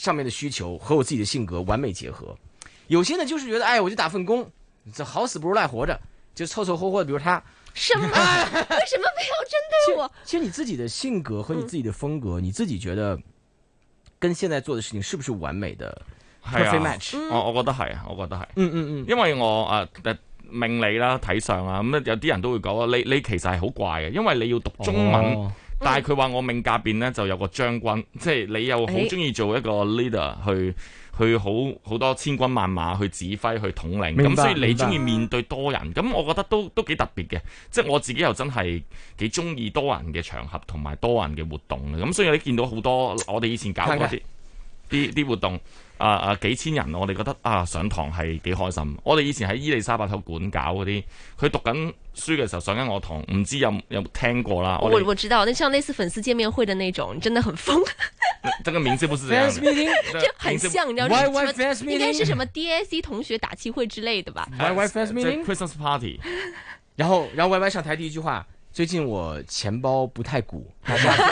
上面的需求和我自己的性格完美結合，有些呢就是覺得，哎，我就打份工，這好死不如賴活着，就湊湊合合的。比如他，什麼嗎？ 為什麼非要針對我？其實你自己的性格和你自己的風格，嗯、你自己覺得跟現在做的事情是不是完美的？是、啊、Perfect match？我我覺得是啊，我覺得是。得是嗯嗯嗯，因為我啊、呃、命理啦、啊、睇相啊，咁、嗯、有啲人都會講啊，你你其實係好怪嘅，因為你要讀中文。哦但係佢話我命格變呢，就有個將軍，即係你又好中意做一個 leader 去去好好多千軍萬馬去指揮去統領，咁，明白，所以你中意面對多人，咁，明白，我覺得都都幾特別嘅。即係我自己又真係幾中意多人嘅場合同埋多人嘅活動。咁所以你見到好多我哋以前搞嗰啲。啲啲活動啊啊幾千人我、啊，我哋覺得啊上堂係幾開心。我哋以前喺伊利沙伯套館搞嗰啲，佢讀緊書嘅時候上緊我堂，唔知有有，冇聽過啦。我我，我知道，但係像類似粉絲見面會嘅那種，真的很瘋。這個名字不是這樣，就 很像， 你知道 why, why, 應該係什麼 D I C 同學打氣會之類的吧、uh？Y Y fans meeting，Christmas party。 然後，然後 Y Y 上台第一句話：最近我錢包不太鼓。好嗎？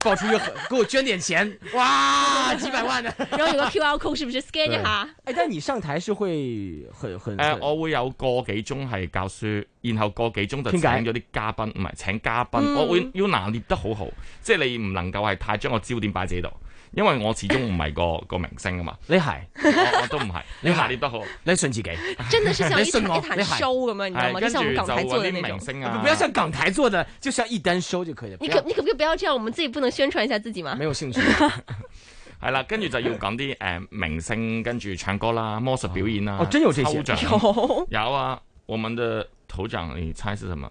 爆出一個，給我捐點錢， 哇， 幾百萬的，然後有個 QR Code 是不是 scan 一下。哎，但你上台是會很很,很、呃，我會有個幾鐘係教書，然後個幾鐘就請咗啲嘉賓，唔係解請嘉賓，嗯、我會要拿捏得好好，即係你唔能夠係太將個焦點擺喺自己度。因為我始終唔係個個明星啊嘛，你係，我都唔係，你下你都好，你信自己，真係好似一單 show 咁樣，唔係跟住我啲明星啊。不要像港台做的，就一單 show 就可以。你可你可唔可以不要這樣？我們自己不能宣傳一下自己嗎？沒有興趣。係啦，跟住就要講啲誒明星，跟住唱歌啦，魔術表演啦，哦，真有抽獎，有啊，我們的頭獎你猜是什麼？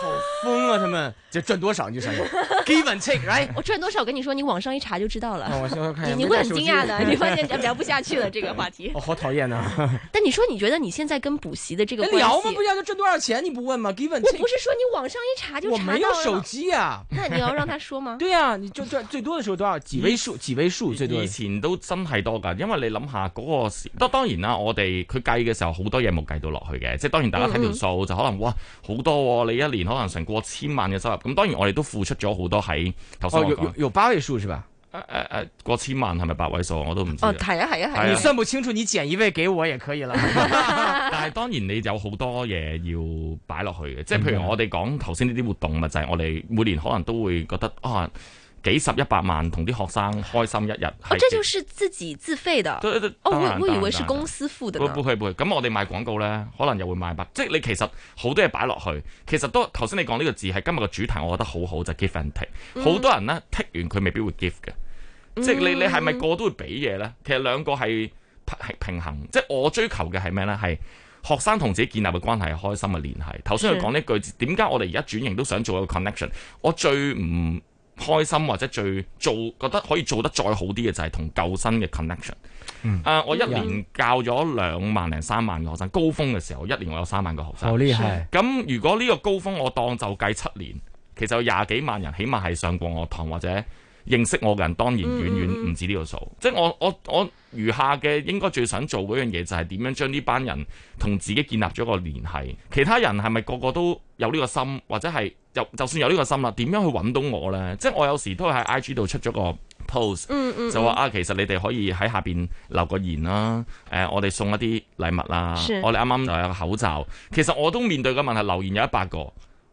好瘋啊！他們就賺多少？你上 give and take，我賺多少？跟你說，你網上一查就知道了。你會很驚訝的，你發現聊不下去了這個話題。我好討厭啊。但你說，你覺得你現在跟補習的這個聊嗎？不一樣，就賺多少錢？你不問嗎？give and take。我不是說你網上一查就查到。我沒有手機啊。那你要讓他說嗎？對啊，你就賺最多的時候多少？幾位數？幾位數？最多？以前都真係多噶，因為你諗下嗰個，當當然啦，我哋佢計嘅時候好多嘢冇計到落去嘅，即係當然大家睇條數就可能哇好多，你一年。可能成過千萬嘅收入，咁當然我哋都付出咗好多喺頭先。哦，有有八位數是吧？誒誒誒，過千萬係咪八位數？我都唔知。哦，係啊，係啊，係啊。你算不清楚，你減一位給我也可以啦。 但係當然你有好多嘢要擺落去嘅，即係譬如我哋講頭先呢啲活動物，就係、是、我哋每年可能都會覺得啊。幾十一百萬同啲學生開心一日，哦，這就是自己自費的然、哦。我以為是公司付的。會會會咁，我哋賣廣告呢，可能又會賣百。即係你其實好多嘢擺落去，其實都頭先你講呢個字係今日個主題，我覺得好好就是、give and take、嗯。好多人呢 take 完佢未必會 give 嘅。嗯、即係你你係咪個都會俾嘢呢？其實兩個係平衡，即係我追求嘅係咩呢？係學生同自己建立嘅關係，開心嘅聯繫。頭先佢講呢句，點解是我哋而家轉型都想做一個 connection？我最唔。開心或者最做覺得可以做得再好啲嘅就係同舊生嘅 connection。啊、嗯，uh, 我一年教咗兩萬零三萬個學生，高峰嘅時候一年我有三萬個學生。好厲害！咁如果呢個高峰我當就計七年，其實有廿幾萬人起碼係上過我堂或者。認識我嘅人當然遠遠唔止呢個數，嗯嗯嗯、即係我我我餘下嘅應該最想做嗰樣嘢就係點樣將呢班人同自己建立咗個聯繫。其他人係咪個個都有呢個心，或者係就，就算有呢個心啦，點樣去揾到我呢？即係我有時都喺 IG 度出咗個 post，嗯嗯嗯、就話啊，其實你哋可以喺下邊留個言啦、啊。誒、呃，我哋送一啲禮物啦、啊，是我哋啱啱就有個口罩。其實我都面對嘅問題留言有一百個，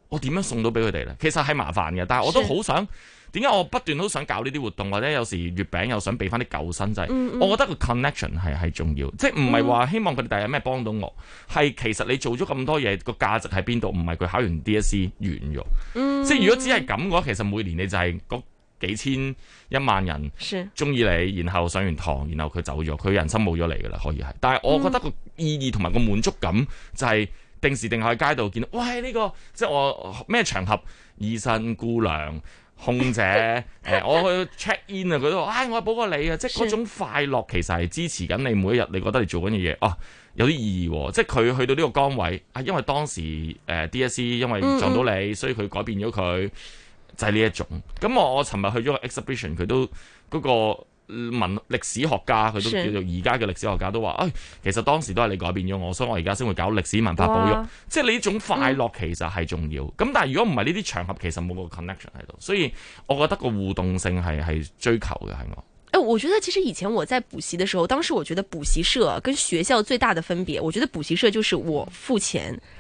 我點樣送到俾佢哋呢？其實係麻煩嘅，但係我都好想。點解我不斷都想搞呢啲活動，或者有時月餅又想畀返啲舊生仔？就是、我覺得個 connection 係係重要，即係唔係話希望佢哋第日咩幫到我，係、嗯、其實你做咗咁多嘢，個價值喺邊度？唔係佢考完 DSE 完咗，嗯、即係如果只係咁嘅話，其實每年你就係嗰幾千一萬人中意你，然後上完堂，然後佢走咗，佢人生冇咗你噶啦，可以係。但係我覺得個意義同埋個滿足感就係、是、定時定候喺街度見到，喂呢、這個即係我咩場合醫生姑娘。空姐，誒、 呃，我去 check in 啊，佢都話，唉，我係補過你啊，即係嗰種快樂，其實係支持緊你每一日，你覺得你做緊嘅嘢，哦、啊，有啲意義喎、啊，即係佢去到呢個崗位，係、啊、因為當時誒、呃、DSE 因為撞到你，嗯嗯所以佢改變咗佢，就係、是、呢一種。咁、嗯嗯、我我尋日去咗個 exhibition，佢都嗰、那個。文歷史學家佢都叫做而家嘅歷史學家都話，是哎，其實當時都係你改變咗我，所以我而家先會搞歷史文化保育，哇即係呢種快樂其實係重要。咁、嗯、但係如果唔係呢啲場合，其實冇個 connection 喺度，所以我覺得個互動性係係追求嘅，係我。誒、呃，我覺得其實以前我在補習嘅時候，當時我覺得補習社跟學校最大嘅分別，我覺得補習社就是我付錢。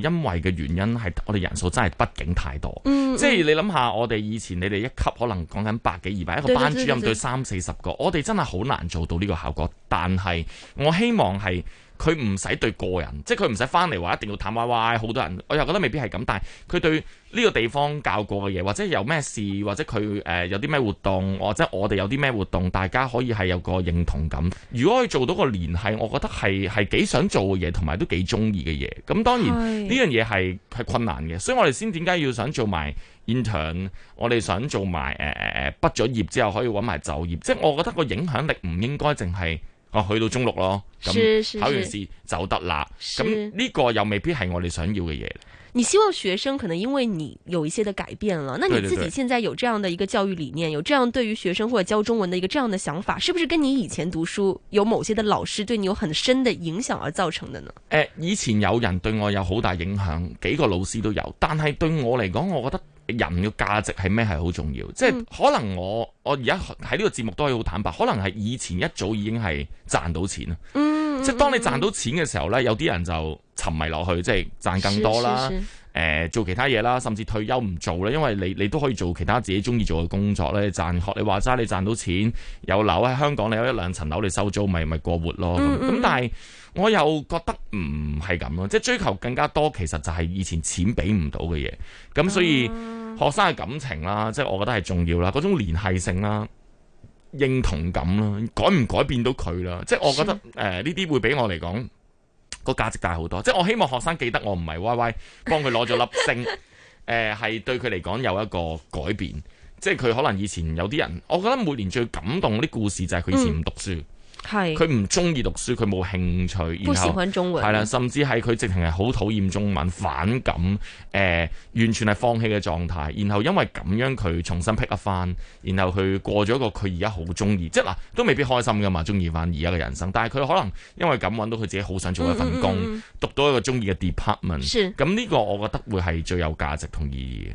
因為嘅原因係，我哋人數真係畢竟太多。嗯，嗯，即係你諗下，我哋以前你哋一級可能講緊百幾二百，一個班主任對三四十個，我哋真係好難做到呢個效果。但係我希望係。佢唔使對個人，即係佢唔使翻嚟話一定要談歪歪。好多人我又覺得未必係咁，但係佢對呢個地方教過嘅嘢，或者有咩事，或者佢、呃、有啲咩活動，或者我哋有啲咩活動，大家可以係有個認同感。如果可以做到個聯繫，我覺得係係幾想做嘅嘢，同埋都幾鍾意嘅嘢。咁當然呢是樣嘢係係困難嘅，所以我哋先點解要做想做埋 intern 我哋想做埋誒誒誒畢咗業之後可以搵埋就業。即係我覺得個影響力唔應該淨係。哦、去到中六咯，嗯、是是是考完試走得啦。咁、嗯、呢是個又未必係我哋想要嘅嘢。你希望學生可能因為你有一些的改變了，那你自己現在有這樣的一個教育理念，有這樣對於學生或者教中文的一個這樣的想法，是不是跟你以前讀書有某些的老師對你有很深的影響而造成的呢？呃、以前有人對我有好大影響，幾個老師都有，但係對我嚟講，我覺得。人嘅價值係咩係好重要？即係可能我我而家喺呢個節目都可以好坦白，可能係以前一早已經係賺到錢啦、嗯。嗯，即係當你賺到錢嘅時候呢，有啲人就沉迷落去，即係賺更多啦。誒、呃，做其他嘢啦，甚至退休唔做咧，因為你你都可以做其他自己中意做嘅工作呢。賺學你話齋，你賺到錢有樓喺香港，你有一兩層樓你收租，咪咪過活咯。咁、嗯嗯、但係。我又覺得唔係咁咯，即係追求更加多，其實就係以前錢俾唔到嘅嘢，咁所以學生嘅感情啦，即係、啊、我覺得係重要啦，嗰種連繫性啦、認同感啦，改唔改變到佢啦，即係我覺得誒呢啲會俾我嚟講個價值大好多。即係我希望學生記得我唔係 Y Y 幫佢攞咗粒星，係、 呃、對佢嚟講有一個改變。即係佢可能以前有啲人，我覺得每年最感動嗰啲故事就係佢以前唔讀書。嗯。佢唔中意讀書，佢冇興趣，然後係啦，甚至係佢直情係好討厭中文，反感誒、呃，完全係放棄嘅狀態。然後因為咁樣，佢重新 pick 翻，然後佢過咗一個佢而家好中意，即係、啊、都未必開心噶嘛，中意翻而家嘅人生。但係佢可能因為咁揾到佢自己好想做一份工，嗯嗯嗯嗯，讀到一個中意嘅 department，咁呢是個我覺得會係最有價值同意義。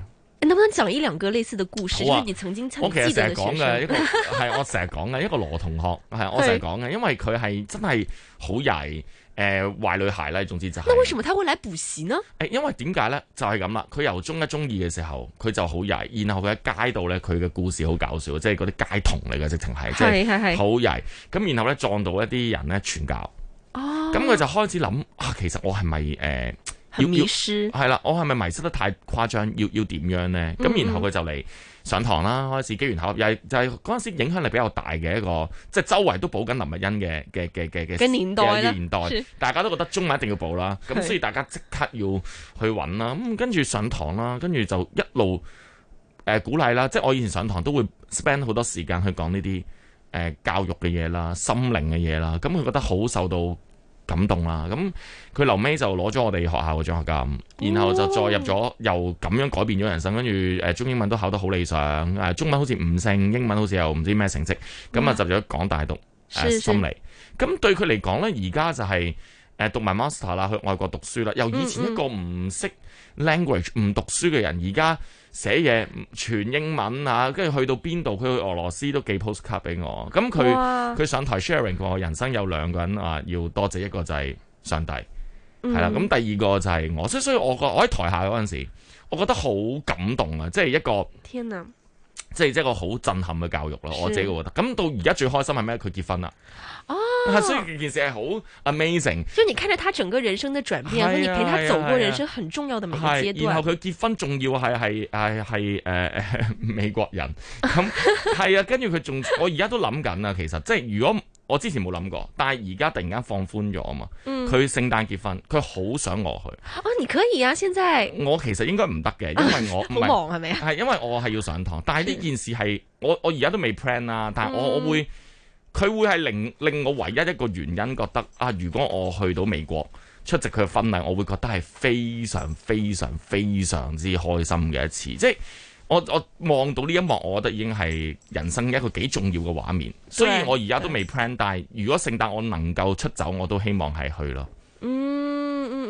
講一兩個類似嘅故事，因為、啊、你曾經曾記得嘅學生。我其實成日講嘅一個，係我成日講嘅一個羅同學，係 我成日講嘅，因為佢係真係好曳誒，壞、呃、女孩咧，總之就係、是。那為什麼他會來補習呢？誒、哎，因為點解咧？就係咁啦。佢由中一中二嘅時候，佢就好曳，然後佢喺街道咧，佢嘅故事好搞笑，即係嗰啲街童嚟嘅，直情係，即係好曳。咁 然後咧撞到一啲人咧，傳教。哦。咁佢就開始諗啊，其實我係咪誒？呃要迷失係啦，我係咪迷失得太誇張？要要點樣呢？咁然後佢就嚟上堂啦，嗯嗯，開始機緣巧合，又係就係嗰陣時影響力比較大嘅一個，即係、就是、周圍都補緊林溢欣嘅嘅嘅嘅年代年代，係，大家都覺得中文一定要補啦，咁所以大家即刻要去揾啦。咁跟住上堂啦，跟住就一路誒、呃、鼓勵啦。即係我以前上堂都會 spend 好多時間去講呢啲誒教育嘅嘢啦、心靈嘅嘢啦。咁佢覺得好受到。感動啦！咁佢留尾就攞咗我哋學校嘅獎學金，然後就再入咗，又咁樣改變咗人生。跟住、呃、中英文都考得好理想、呃，中文好似唔勝，英文好似又唔知咩成績。咁啊，入咗港大讀心理。咁對佢嚟講呢，而家就係、是、誒、呃、讀埋 master 啦，去外國讀書啦。由以前一個唔識嗯嗯 Language 唔讀書嘅人而家寫嘢全英文啊，跟住去到邊度，佢去俄羅斯都寄 postcard 俾我。咁佢佢上台 sharing 過，人生有兩個人啊，要多謝一個就係上帝，係啦、嗯。咁、啊、第二個就係我，所以，我個我喺台下嗰陣時，我覺得好感動啊，即係一個。天哪！即係即係個好震撼嘅教育咯，我自己覺得。咁是到而家最開心係咩？佢結婚啦。哦，oh, 所以件事係好 amazing。所以你看着他整個人生嘅轉變，啊、你陪他走過人生很重要的每個階段。然後佢結婚，仲要係係係係誒美國人。咁係啊，跟住佢仲，我而家都諗緊啊，其實即係如果。我之前冇諗過，但係而家突然間放寬咗啊嘛！佢聖誕結婚，佢好想我去。哦、啊，你可以啊，現在我其實應該唔得嘅，因為我、啊、唔係好忙係咪啊？係因為我係要上堂，但係呢件事係我我而家都未 plan 啦，但係我、嗯、我會，佢會係令令我唯一一個原因覺得啊，如果我去到美國出席佢嘅婚禮，我會覺得係非常非常非常之開心嘅一次，即係。我我望到呢一幕，我覺得已經係人生一個幾重要嘅畫面。雖然對我而家都未 plan，對但係如果聖誕我能夠出走，我都希望係去咯。嗯。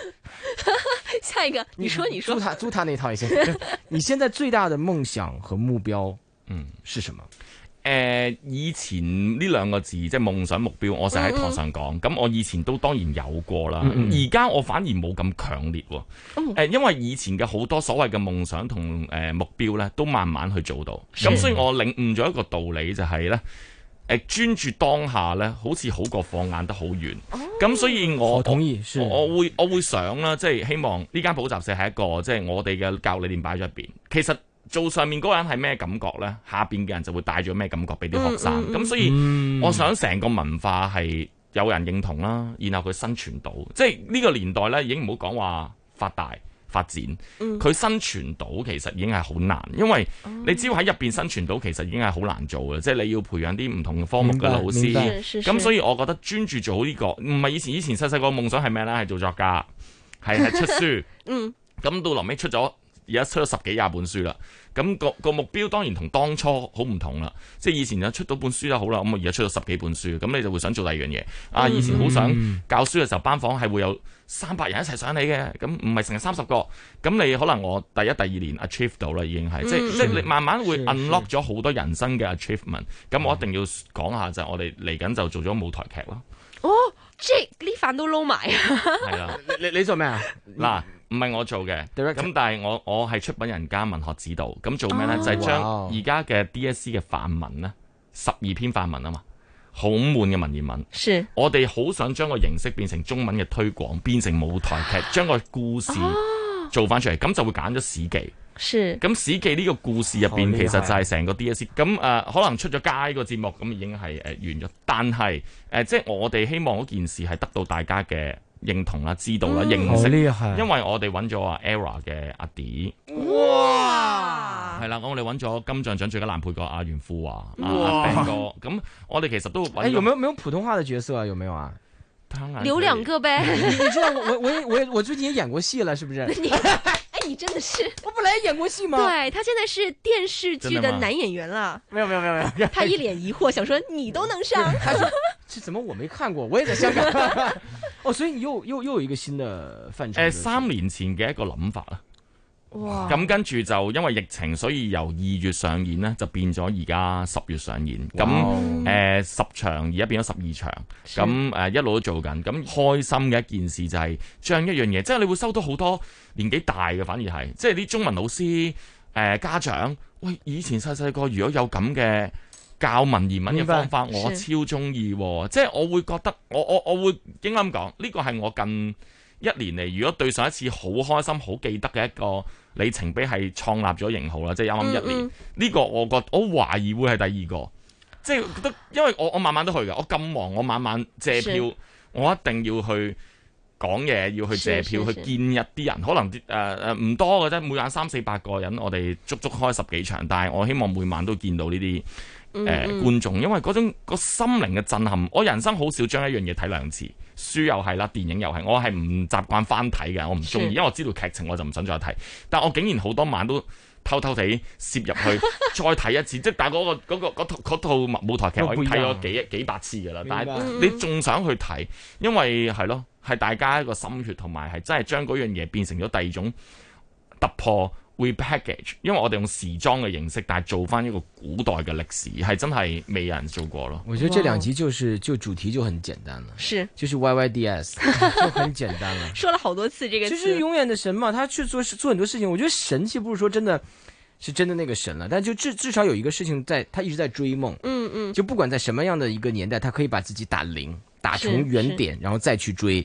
下一個，你說你說租他租他那一套先。 你現在最大的夢想和目標，嗯，是什麼？誒、嗯，以前呢兩個字即係夢想目標，我成日喺台上講。咁、嗯嗯、我以前都當然有過啦，而家、嗯嗯、我反而冇咁強烈喎。誒、嗯，因為以前嘅好多所謂嘅夢想同誒目標咧，都慢慢去做到。咁的所以我領悟咗一個道理就係、是、咧。專注當下呢，好似好過放眼得好遠。咁所以我，我同意。我，我會我會想啦，即係希望呢間補習社係一個即係我哋嘅教理念擺咗入面。其實做上面嗰個人係咩感覺呢？下面嘅人就會帶咗咩感覺俾啲學生。咁所以，嗯嗯，嗯，我想成個文化係有人認同啦，然後佢生存到。即係呢個年代呢，已經唔好講話發大。發展，佢生存到其實已經係好難，因為你只要喺入邊生存到，其實已經係好難做嘅，白即係你要培養啲唔同嘅科目嘅老師。咁白所以我覺得專注做好，這，呢個，唔係以前以前細細個夢想係咩呢？係做作家，係係出書。咁、 嗯、到臨尾出咗，而家出咗十幾廿本書啦。咁、那個個目標當然同當初好唔同啦。即係以前有出到本書就好啦，咁我而家出咗十幾本書，咁你就會想做第二樣嘢。啊，以前好想教書嘅時候，嗯、班房係會有。三百人一齊上你嘅，咁唔係成日三十個，咁你可能我第一、第二年 achieve 到啦，已經係、嗯、即係你慢慢會 unlock 咗好多人生嘅 achievement。咁我一定要講下就係我哋嚟緊就做咗舞台劇咯。哦，即係啲飯都撈埋了啊！係啦，你你做咩啊？嗱，唔係我做嘅，咁但係我我係出品人加文學指導。咁做咩咧？哦、就係將而家嘅 D.S.C 嘅範文咧，十二篇範文啊嘛。好悶嘅文言文，是我哋好想將個形式變成中文嘅推廣，變成舞台劇，將個故事做返出嚟，咁就會揀咗史記。是，咁史記呢個故事入面其實就係成個 DSC。咁誒、呃，可能出咗街個節目，咁已經係、呃、完咗。但係誒、呃，即係我哋希望嗰件事係得到大家嘅認同啦、知道啦、嗯、認識。因為我哋揾咗啊 Era 嘅阿 D，哇係啦，咁我哋揾咗金像獎最佳男配角阿袁富華、啊，兩咁哇、啊、我哋其實都誒、欸，有沒有冇有，有普通話嘅角色啊？有沒有啊？留兩個唄。 你知道我我我我最近也演過戲了，是不是？你、欸，你真的是 我本來演過戲嘛。對他現在是電視劇的男演員啦。沒有沒有沒有沒有。他一臉疑惑，想說你都能上，他說：這怎麼我沒看過？我也在香港。哦，所以你又又又有一個新的範疇。誒，三年前嘅一個諗法啦。哇！咁跟住就因為疫情，所以由二月上演呢，就變咗而家十月上演。咁十場而家變咗十二場。咁是、呃、一路都做緊。咁、嗯、開心嘅一件事就係將一樣嘢，即係你會收到好多年紀大嘅，反而係即係啲中文老師、呃、家長。喂，以前細細個如果有咁嘅教文言文嘅方法，我超中意。即係我會覺得，我我我會啱啱講呢個係我近。一年嚟，如果對上一次好開心、好記得嘅一個里程碑，係創立咗型號啦，即係啱啱一年，呢、嗯嗯、個我覺得我懷疑會係第二個，即、就、係、是、因為我我晚晚都去嘅，我咁忙，我晚晚借票，是我一定要去講嘢，要去借票去見一啲人，可能誒唔、呃、多嘅啫，每晚三四百個人，我哋足足開十幾場，但係我希望每晚都見到呢啲誒觀眾，因為嗰種、嗰個心靈嘅震撼，我人生好少將一樣嘢睇兩次。書又係啦，電影又係，我係唔習慣翻睇嘅，我唔中意，因為我知道劇情，我就唔想再睇。但我竟然好多晚都偷偷地攝入去，再睇一次。即係 但嗰、嗰個套、嗰個、舞台劇我已經了，我睇咗幾幾百次㗎啦。白但係你仲想去睇，因為係咯，係大家一個心血，同埋係真係將嗰樣嘢變成咗第二種突破。We package，因為我哋用時裝嘅形式，但係做翻一個古代嘅歷史，係真係未有人做過咯。我覺得這兩集就是就主題就很簡單了是，就是 Y Y D S， 就很簡單了 說了好多次這個，其實是永遠的神嘛，他去做做很多事情，我覺得神奇不是說真的是，是真的那個神了，但就至至少有一個事情在，在他一直在追夢，嗯，嗯嗯，就不管在什麼樣的一個年代，他可以把自己打零，打從原點，是然後再去追。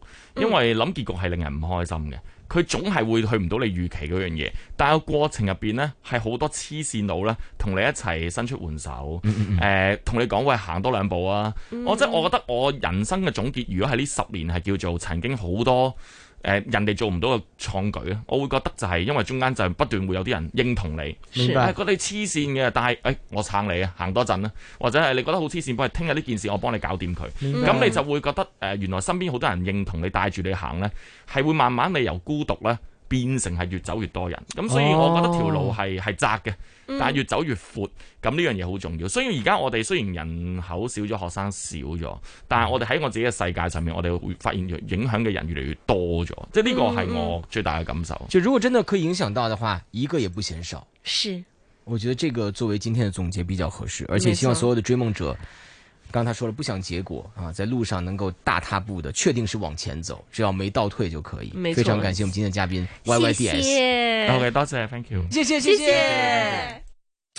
因為諗結局係令人唔開心嘅，佢總係會去唔到你預期嗰樣嘢。但係個過程入邊呢，係好多黐線佬呢，同你一齊伸出援手，誒、 呃，同你講喂，行多兩步啊！我即係我覺得我人生嘅總結，如果喺呢十年係叫做曾經好多。誒、呃、人哋做唔到嘅創舉啊，我會覺得就係因為中間就不斷會有啲人認同你，係覺得你黐線嘅，但係誒、哎、我撐你啊，行多陣啦，或者係你覺得好黐線，不過聽日呢件事我幫你搞掂佢，咁明白、你就會覺得、呃、原來身邊好多人認同你，帶住你行呢，係會慢慢你由孤獨咧變成係越走越多人，咁所以我覺得條路係係、哦、窄嘅。但係越走越闊，咁呢樣嘢好重要。雖然而家我哋雖然人口少咗，學生少咗，但係我哋喺我自己嘅世界上面，我哋會發現影響嘅人越嚟越多咗。即係呢個係我最大嘅感受。嗯嗯、就如果真的可以影響到嘅話，一個也不嫌少。是，我覺得這個作為今天的總結比較合適，而且希望所有的追夢者，錯剛才說了不想結果啊，在路上能夠大踏步的確定是往前走，只要沒倒退就可以。錯非常感謝我們今天嘅嘉賓 YYDS，OK，多謝，thank you，謝謝，謝謝。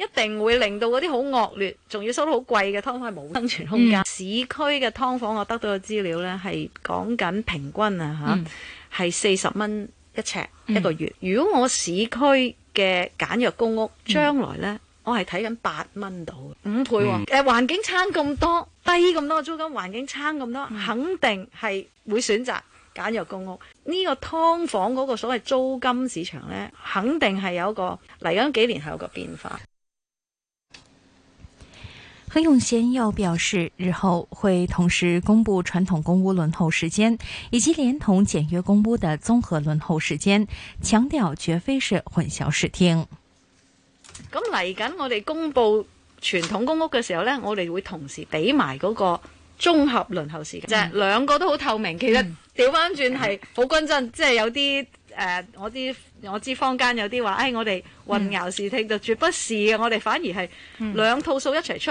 一定會令到嗰啲好惡劣，仲要收到好貴嘅劏房，冇生存空間。嗯、市區嘅劏房，我得到嘅資料呢，係講緊平均啊吓，係四十蚊一尺一個月。嗯、如果我市區嘅簡約公屋將來呢，我係睇緊八蚊到，五倍喎。環境差咁多，低咁多嘅租金，環境差咁多，肯定係會選擇簡約公屋。呢個劏房嗰個所謂租金市場呢，肯定係有一個嚟緊幾年係有個變化。何永賢又表示，日後會同時公布傳統公屋輪候時間，以及連同簡約公屋的綜合輪候時間，強調絕非是混淆視聽。咁嚟緊我哋公布傳統公屋嘅時候呢，我哋會同時俾埋嗰個綜合輪候時間，即係、嗯、兩個都好透明。其實調翻轉係好均真，即係、嗯、有啲誒、呃，我啲我知坊間有啲話，誒、哎、我哋混淆視聽就絕不是嘅，我哋反而係兩套數一齊出。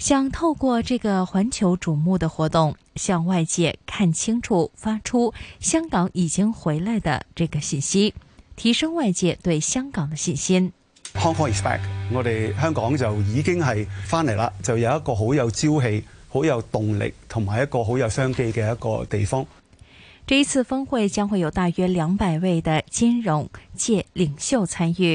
想透過這個環球矚目的活動，向外界看清楚，發出香港已經回來的這個信息，提升外界對香港的信心。Hong Kong is back，我哋香港就已經係翻嚟啦，就有一個好有朝氣、好有動力，同埋一個好有商機嘅一個地方。這一次峰會將會有大約兩百位的金融界領袖參與。